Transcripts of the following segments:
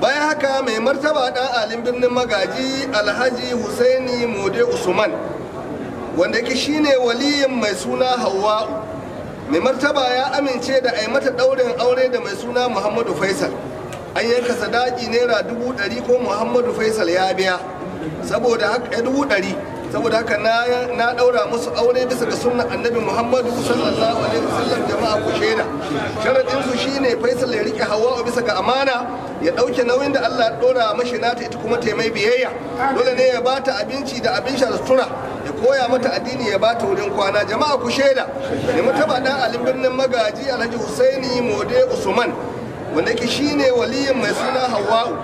bayan haka mai martaba dan alin birnin magaji alhaji husaini mode usman wanda yake shine waliyin mai suna hawa mai martaba ya amince da a mata daurin aure da mai suna muhammadu faisal an yanka sadaki naira dubu dari ko muhammadu faisal ya biya saboda haka eh, dubu dari. saboda haka na daura musu aure bisa ga sunnan annabi muhammadu sallallahu alaihi wasallam jama'a ku shaida sharadin su shine faisal ya rike hawa bisa ga amana ya dauke nauyin da Allah ya dora mashi nata ita kuma ta mai biyayya dole ne ya bata abinci da abin sha da sutura ya koya mata addini ya bata wurin kwana jama'a ku shaida ne taba dan alim birnin magaji alhaji husaini mode usman wanda ke shine waliyin mai suna hawa'u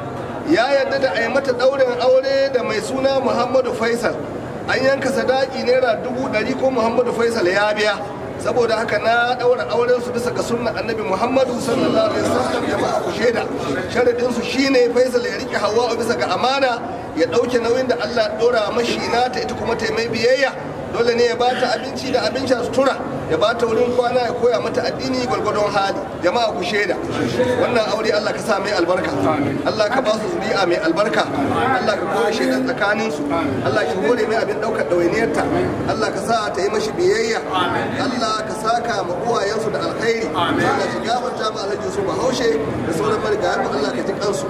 ya yadda da a mata ɗaurin aure da mai suna muhammadu faisal an yanka sadaki naira dubu dari ko muhammadu faisal ya biya saboda haka na ɗaura auren su bisa ga sunna annabi muhammadu sallallahu alaihi wasallam jama'a ku da sharadin su shine faisal ya rike hawa bisa ga amana ya dauke nauyin da allah dora mashi na ta ita kuma ta mai biyayya dole ne ya bata abinci da abin sha sutura ya bata wurin kwana ya koya mata addini gwargwadon hali jama'a ku shaida wannan aure Allah ka sa mai albarka Allah ka ba su zuri'a mai albarka Allah ka koya shaida tsakanin su Allah ki hore mai abin daukar dawainiyarta Allah ka sa ta yi mashi biyayya Allah ka saka ma uwayensu da alkhairi Allah ki gafarta ma alhaji su bahaushe da sauran barka Allah ka ji kansu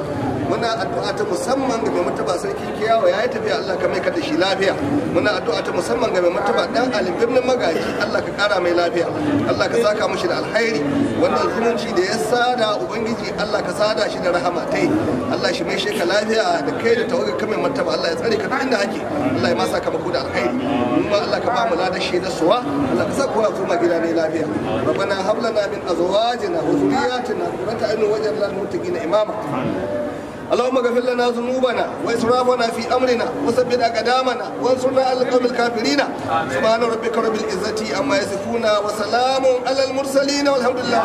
muna addu'a ta musamman ga mai mutaba sarki kiyawa yayi tafiya Allah ka mai ka shi lafiya muna addu'a ta musamman ga mai mutaba dan alim birnin magaji Allah ka kara mai lafiya Allah ka saka mishi da alkhairi wannan zumunci da ya sada ubangiji Allah ka sada shi da rahama tai Allah shi mai shi lafiya da kai da tawaga kamar mutaba Allah ya tsare ka duk inda ake Allah ya masa kamako da alkhairi kuma Allah ka ba mu lada shi da suwa Allah ka sa kowa kuma gida mai lafiya rabbana hablana min azwajina wa وذرياتنا qurrata اعين واجعلنا للمتقين imama. اللهم اغفر لنا ذنوبنا واسرافنا في امرنا وثبت اقدامنا وانصرنا على القوم الكافرين سبحان ربك رب العزه عما يصفون وسلام على المرسلين والحمد لله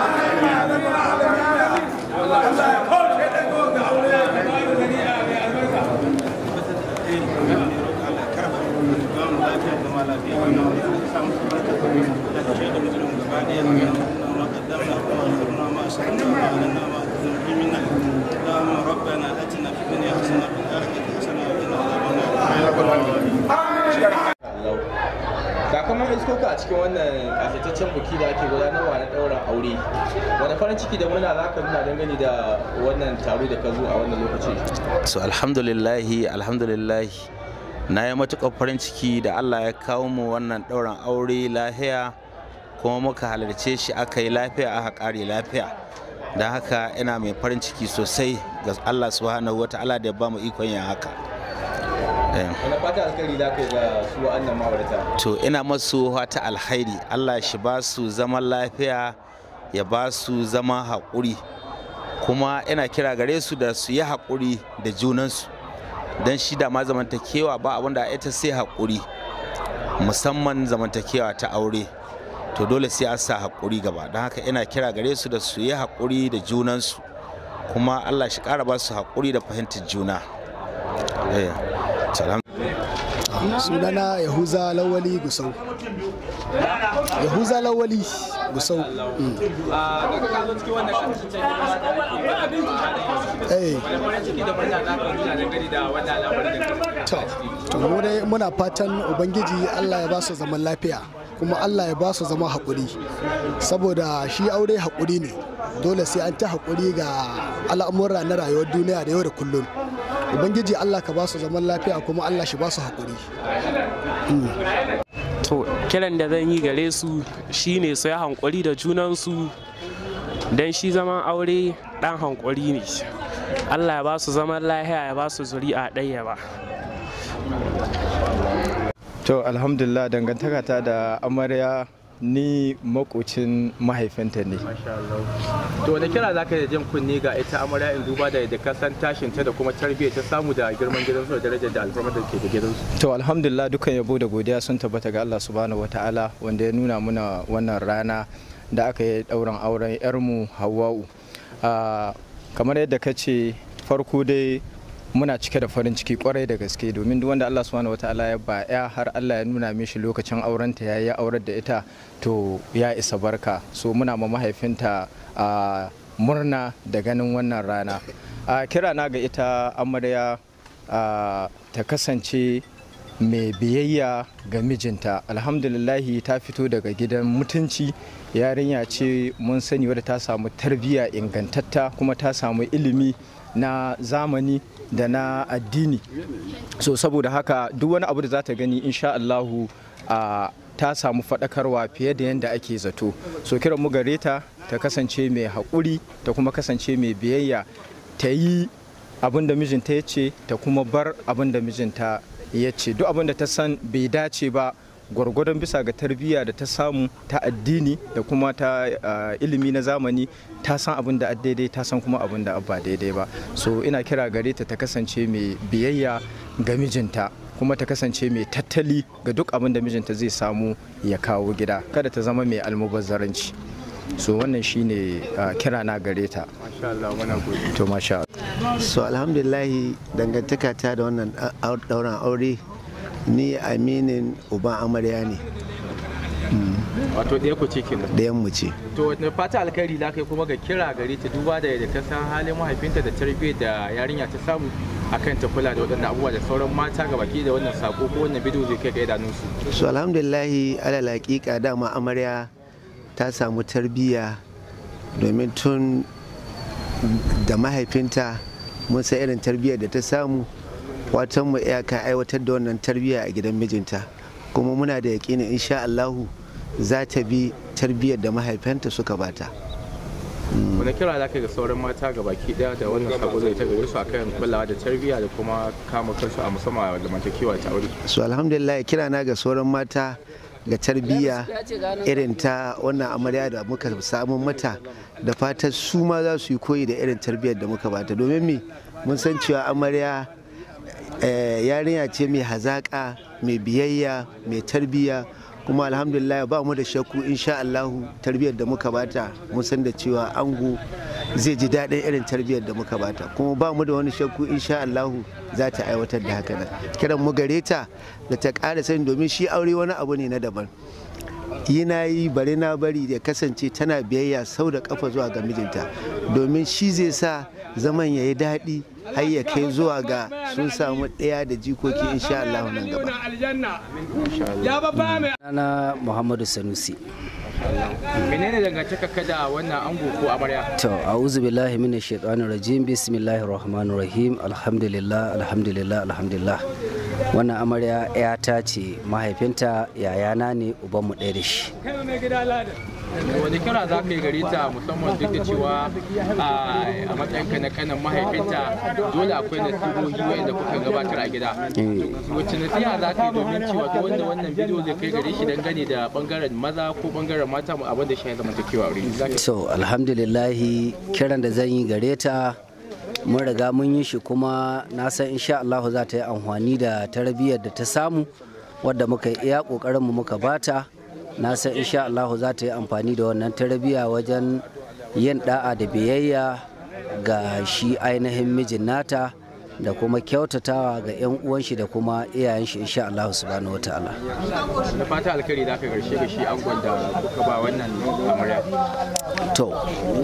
Thank you. منك اللهم ربنا اتنا في الدنيا حسنه وفي الاخره حسنه وقنا عذاب النار ga kuma iskoka a cikin wannan kasataccen buki da ake gudanarwa na ɗaurin aure wani farin ciki da muna za ka nuna dangane da wannan taro da ka zo a wannan lokaci so alhamdulillahi alhamdulillahi na yi matuƙar farin ciki da allah ya kawo mu wannan ɗaurin aure lahiya kuma muka halarce shi aka yi lafiya aka ƙare lafiya don haka ina mai farin ciki sosai ga allah subhanahu wata'ala da ya ba mu ikon yin haka eh. to ina masu wata alhairi allah shi ba su zaman lafiya ya ba su zama haƙuri kuma ina kira gare su da su yi haƙuri da junansu don shi da ma zamantakewa ba abinda ita sai haƙuri musamman zamantakewa ta aure to dole sai an sa haƙuri gaba don haka ina kira gare su da su yi haƙuri da junansu kuma allah shi ƙara ba su haƙuri da fahimtar juna eh, sunana yahuza lawali gusau yahuza lawali gusau hmm. eh. to muna fatan ubangiji allah ya ba su zaman lafiya kuma Allah ya ba su zama haƙuri saboda shi aure haƙuri ne dole sai an ta haƙuri ga al'amura na rayuwar duniya da yau da kullum ubangiji Allah ka ba su zaman lafiya kuma Allah shi ba su haƙuri to kiran da zan yi gare su shine su ya hankuri da junansu don shi zaman aure dan hankuri ne Allah ya ba su zaman lafiya ya ba su a ɗaya ba to alhamdulillah dangantaka ta da amarya ni makocin mahaifinta ne. To wani kira za ka yi jan kunni ga ita amarya in duba da yadda kasan tashin ta da kuma tarbiyyar ta samu da girman gidansu da darajar da alfarmar da ke da gidansu. To alhamdulillah dukkan yabo da godiya sun tabbata ga Allah subhanahu wataala wanda ya nuna muna wannan rana da aka yi dauran auren yarmu hawa'u ah, Kamar yadda ka ce farko dai muna cike da farin ciki kwarai da gaske domin duk wanda Allah subhanahu wataala ya ba ya har Allah ya nuna mishi lokacin aurenta ya yi aurar da ita to ya isa barka so muna ma mahaifinta a murna da ganin wannan rana a kira na ga ita amarya ta kasance mai biyayya ga mijinta alhamdulillahi ta fito daga gidan mutunci yarinya ce mun sani wadda ta samu tarbiyya ingantatta kuma ta samu ilimi na zamani da na addini so saboda haka duk wani abu da za ta gani insha Allahu ta samu faɗakarwa fiye da yadda ake zato so kiran mu gare ta ta kasance mai haƙuri ta kuma kasance mai biyayya ta yi abin da mijinta ya ce ta kuma bar abin da mijinta ya ce duk abin da ta san bai dace ba gwargwadon bisa ga tarbiyya da ta samu ta addini da kuma ta ilimi na zamani ta san abin da daidai ta san kuma abin da abba daidai ba so ina kira gare ta ta kasance mai biyayya ga mijinta kuma ta kasance mai tattali ga duk abin da mijinta zai samu ya kawo gida kada ta zama mai almubazzaranci so wannan shine kira na gare ta to masha so alhamdulillah dangantaka ta da wannan auren aure ni aminin uban amarya ne wato ɗaya ku ce kenan ɗayan mu ce to na fata alkhairi za ka kuma ga kira gare ta duba da yadda ta san halin mahaifinta da tarbiyyar da yarinya ta samu akan ta kula da waɗannan abubuwa da sauran mata ga baki da wannan sako ko wannan bidiyo zai kai ga su. so alhamdulillahi alal haqiqa dama amarya ta samu tarbiyya domin tun da mahaifinta mun san irin tarbiyyar da ta samu watan mu iyaka aiwatar da wannan tarbiyya a gidan mijinta kuma muna da yaƙini insha Allahu za ta bi tarbiyyar da mahaifanta suka bata mm. wani kira za ka ga sauran mata ga baki daya da wannan sako zai ta gare su akan kullawa da tarbiyya da kuma kama kansu a musamman da kiwa ta aure su alhamdulillah kira na ga sauran mata ga tarbiyya irin ta wannan amarya da muka samu mata da fatan su ma za su yi koyi da irin tarbiyyar da muka bata domin mi mun san cewa amarya Eh, yarinya ce mai hazaƙa mai biyayya mai tarbiyya kuma alhamdulillah ba mu da shakku insha tarbiyar tarbiyyar da muka bata mun san da cewa ango zai ji daɗin irin tarbiyyar da muka bata kuma ba mu da wani shakku insha Allah za ta aiwatar da haka nan kiran mu gare ta da ta ƙara sani domin shi aure wani abu ne na daban yi na yi bari na bari da kasance tana biyayya sau da kafa zuwa ga mijinta domin shi zai sa zaman ya yi daɗi har ya kai zuwa ga sun samu ɗaya da jikoki insha Allah nan gaba. na Muhammadu Sanusi. menene dangantaka kada wannan ango ko amarya to a'udhu billahi minash shaitanir rajim bismillahir rahmanir rahim alhamdulillah alhamdulillah alhamdulillah wannan amarya yata ce mahaifinta yayana ne uban mu ɗaya da shi wani kira za ka yi gari ta musamman duk da cewa a matsayinka na kanan mahaifinta dole akwai nasihohi wanda kuka gabatar a gida eh. wacce nasiha za ka yi domin cewa ta wanda wannan bidiyo zai kai gare shi dangane da bangaren maza ko bangaren mata mu abin da shi ya zama kewa wuri so alhamdulillahi kiran da zan yi gare ta mun riga mun yi shi kuma na san insha Allah za ta yi amfani da tarbiyyar da ta samu wadda muka yi iya kokarin mu muka bata na san insha Allahu za ta yi amfani da wannan tarbiyya wajen yin da'a da biyayya ga shi ainihin mijin nata da kuma kyautatawa ga 'yan uwan shi da kuma iyayen shi insha Allah subhanahu wa ta'ala. Da fata alkhairi da ka garshe da shi angon da kuka ba wannan amarya. To,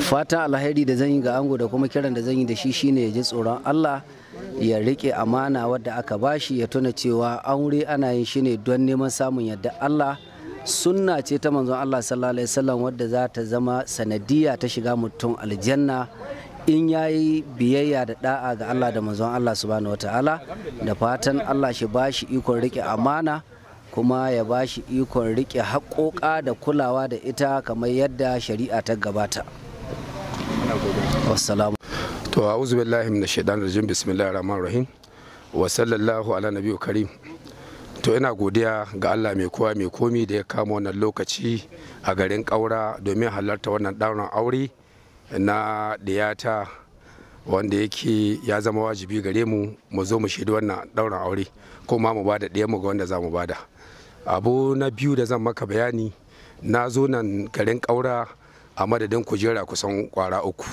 fata alheri da zan yi ga ango da kuma kiran da zan yi da shi shine ya ji tsoron Allah ya rike amana wadda aka bashi ya tuna cewa aure ana yin shi ne don neman samun yadda Allah. sunna ce ta manzon Allah sallallahu alaihi wasallam wadda za ta zama sanadiya ta shiga mutum aljanna in ya yi biyayya da da'a ga Allah da manzon Allah subhanahu wataala da fatan Allah shi ba shi ikon rike amana kuma ya ba shi ikon rike haƙoƙa da kulawa da ita kamar yadda shari'a ta gabata wassalamu to a'udhu billahi minash shaitanir rajim bismillahir rahmanir rahim wa sallallahu ala nabiyyu karim to ina godiya ga allah mai kowa mai komi da ya kama wannan lokaci a garin ƙaura domin halarta wannan ɗaurin aure na ɗiyata wanda yake ya zama wajibi gare mu mu zo mu shaidu wannan ɗaurin aure kuma mu bada ɗaya mu ga wanda za mu bada abu na biyu da zan maka bayani na zo nan garin ƙaura a madadin kujera kusan kwara uku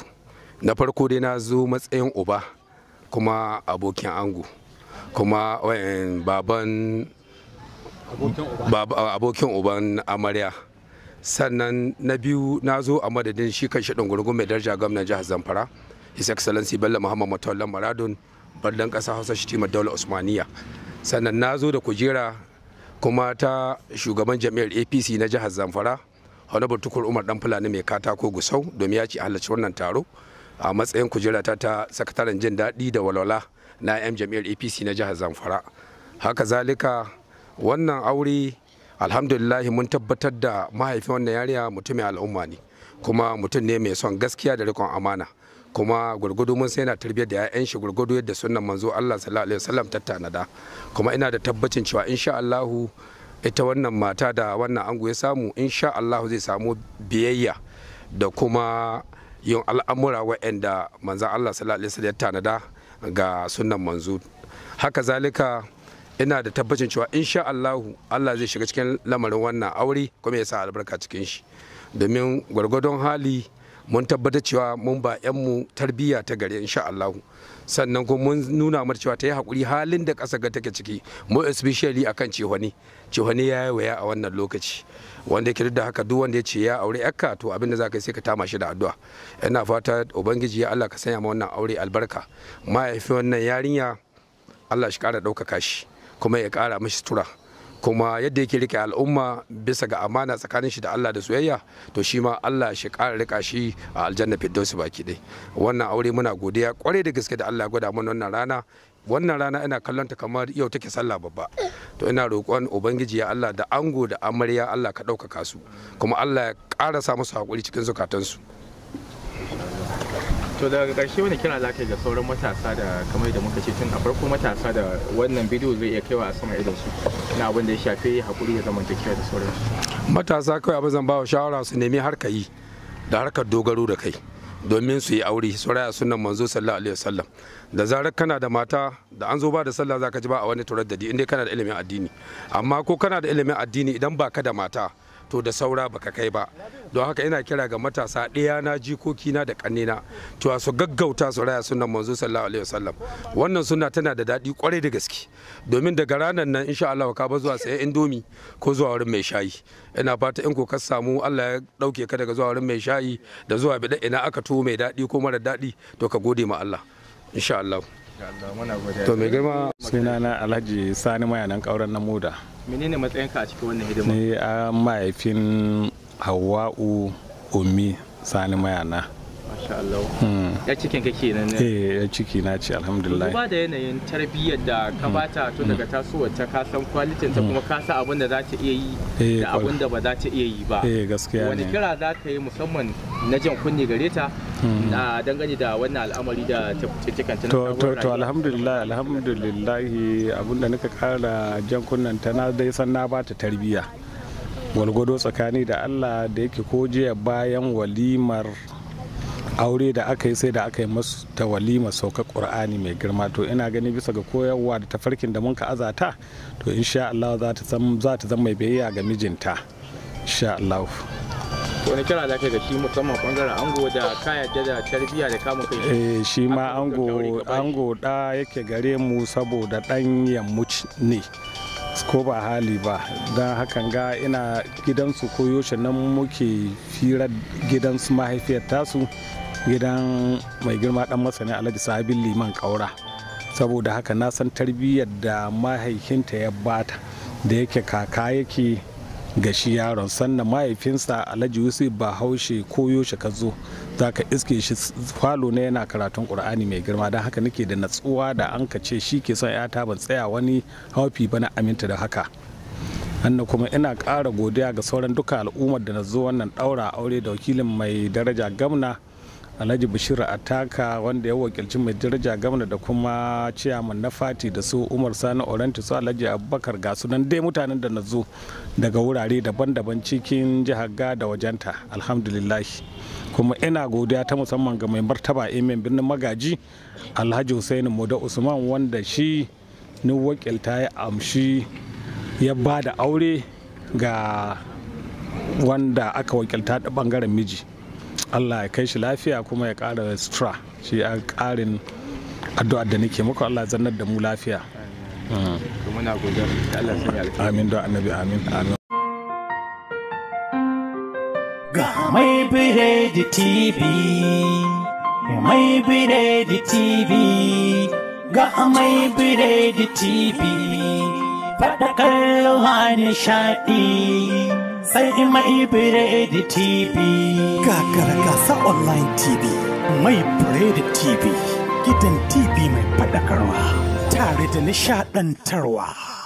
na farko dai na zo matsayin uba kuma abokin ango kuma eh, baban abokin uban amarya sannan na biyu na zo a madadin shi kan shaɗin gurgun mai daraja gwamnan jihar zamfara his excellency bello muhammad matawallan maradun bardan ƙasa hausa timar daula usmaniya sannan na zo da kujera kuma ta shugaban jami'ar apc na jihar zamfara honorable tukur umar dan fulani mai katako gusau domin ya ci halarci wannan taro a matsayin kujera ta ta sakataren jin daɗi da walwala na 'yan jami'ar apc na jihar zamfara haka zalika wannan aure alhamdulillah mun tabbatar da mahaifin wannan yariya mutumin al'umma ne kuma mutum ne mai son gaskiya da rikon amana kuma gurgudu mun sai na tarbiyyar da 'ya'yan shi gurgudu yadda sunan manzo Allah sallallahu alaihi wasallam ta tanada kuma ina da tabbacin cewa insha Allahu ita wannan mata da wannan ango ya samu insha Allahu zai samu biyayya da kuma yin al'amura wa'anda manzo Allah sallallahu alaihi wasallam ya tanada ga sunan manzo haka zalika ina da tabbacin cewa insha Allahu Allah zai shiga cikin lamarin wannan aure kuma ya sa albarka cikin shi domin gwargwadon hali mun tabbatar cewa mun ba 'yanmu tarbiyya ta gare insha Allah sannan kuma mun nuna mata cewa ta yi hakuri halin da ƙasa ga take ciki mu especially akan cihoni cihoni ya yi waya a wannan lokaci wanda yake da haka duk wanda ya ce ya aure yakka to abin da za ka yi sai ka tama shi da addu'a ina fata ubangiji ya Allah ka sanya ma wannan aure albarka mahaifin wannan yarinya Allah shi ƙara ɗaukaka shi kuma ya ƙara mashi tura kuma yadda yake rike al'umma bisa ga amana tsakanin shi da Allah da soyayya to shi ma Allah shi ƙara rika shi a aljanna firdausi baki dai wannan aure muna godiya kwarai da gaske da Allah gwada mana wannan rana wannan rana ina kallon ta kamar yau take sallah babba to ina roƙon ubangiji ya Allah da ango da amarya Allah ka ɗaukaka su kuma Allah ya ƙara sa musu haƙuri cikin zukatansu to daga ƙarshe wani kira za ga sauran matasa da kamar da muka ce tun a farko matasa da wannan bidiyo zai iya kaiwa a sama idan su na abin da ya shafi haƙuri da zamantakewa da sauransu matasa kawai abin zan ba wa shawara su nemi harka yi da harkar dogaro da kai domin su yi aure su raya sunan manzo sallallahu alaihi wasallam da zarar kana da mata da an zo ba da sallah zaka ji ba a wani turaddadi inda kana da ilimin addini amma ko kana da ilimin addini idan baka da mata to da saura baka kai ba don haka ina kira ga matasa ɗaya na jikoki na da ƙannina cewa su gaggauta su raya sunan manzo sallallahu alaihi wasallam wannan sunna tana da daɗi kwarai da gaske domin daga ranar nan insha Allah ka ba zuwa saye indomi ko zuwa wurin mai shayi ina fata in ko ka samu Allah ya dauke ka daga zuwa wurin mai shayi da zuwa bida ina aka tuwo mai daɗi ko mara daɗi to ka gode ma Allah insha Allah To mai girma na Alhaji Sani Mayanan kauran na Moda. Menene matsayinka a cikin wannan hidima? Ni a mahaifin hawa'u umi Sani Mayana. Masha Allah. Hmm. Ya cikin kake nan ne? Eh, ya ciki na ce alhamdulillah. Duba da yanayin tarbiyyar da ka hmm. bata tun daga hmm. tasowar ta kasan san kwalitin ta kuma kasa san abin da za ta iya yi eh, da abin da ba za ta iya yi ba. Eh, gaskiya ne. Wani kira za ka yi musamman na jan kunne gare ta na dangane da wannan al'amari da ta cikin ta to to to alhamdulillah alhamdulillah abinda nika kara jan kunnen ta na dai san na bata tarbiyya walgwado tsakani da Allah da yake ko jiya bayan walimar aure da aka yi sai da aka yi masu ta walima sauka qur'ani mai girma to ina gani bisa ga koyarwa da tafarkin da mun ka azata to insha Allah za ta za ta zama mai biyayya ga mijinta insha Allah ne kira da kai ga shi musamman bangaren ango da kaya da tarbiyya da kamun kai eh shi ma ango ango da yake gare mu saboda dan yammuci ne ko ba hali ba don hakan ga ina gidansu ko yoshe nan muke firar gidansu mahaifiyar tasu gidan mai girma dan masani alhaji sabin liman kaura saboda haka na san tarbiyyar da mahaifinta ya bata da yake kaka yake ga shi yaron sannan mahaifinsa alhaji yusuf ba haushe koyo shi ka zo za ka iske shi falo na yana karatun qur'ani mai girma don haka nake da natsuwa da an ka ce shi ke son yata ban tsaya wani haufi ba na aminta da haka annan kuma ina kara godiya ga sauran duka al'ummar da na zo wannan daura aure da wakilin mai daraja gamna alhaji bashir ataka wanda ya wakilci mai daraja gamna da kuma ciyaman na fati da su umar sani oranti su alhaji abubakar ga sunan dai mutanen da na zo daga wurare daban-daban cikin jihar ga da wajenta alhamdulillah kuma ina godiya ta musamman ga mai martaba imin birnin magaji alhaji hussein moda usman wanda shi ni wakilta ya amshi ya ba da aure ga wanda aka wakilta da bangaren miji allah ya kai shi lafiya kuma ya ƙara sutura shi a ƙarin addu'ar da nake muku allah zannar da mu lafiya amin da annabi amin ga mai bire da tv mai bire da tv ga mai bire da tv faɗakar ruwa nishaɗi sai mai da TV. Kakar gasa online TV, mai biredi TV, gidan TV mai faɗakarwa, tare da nishaɗantarwa.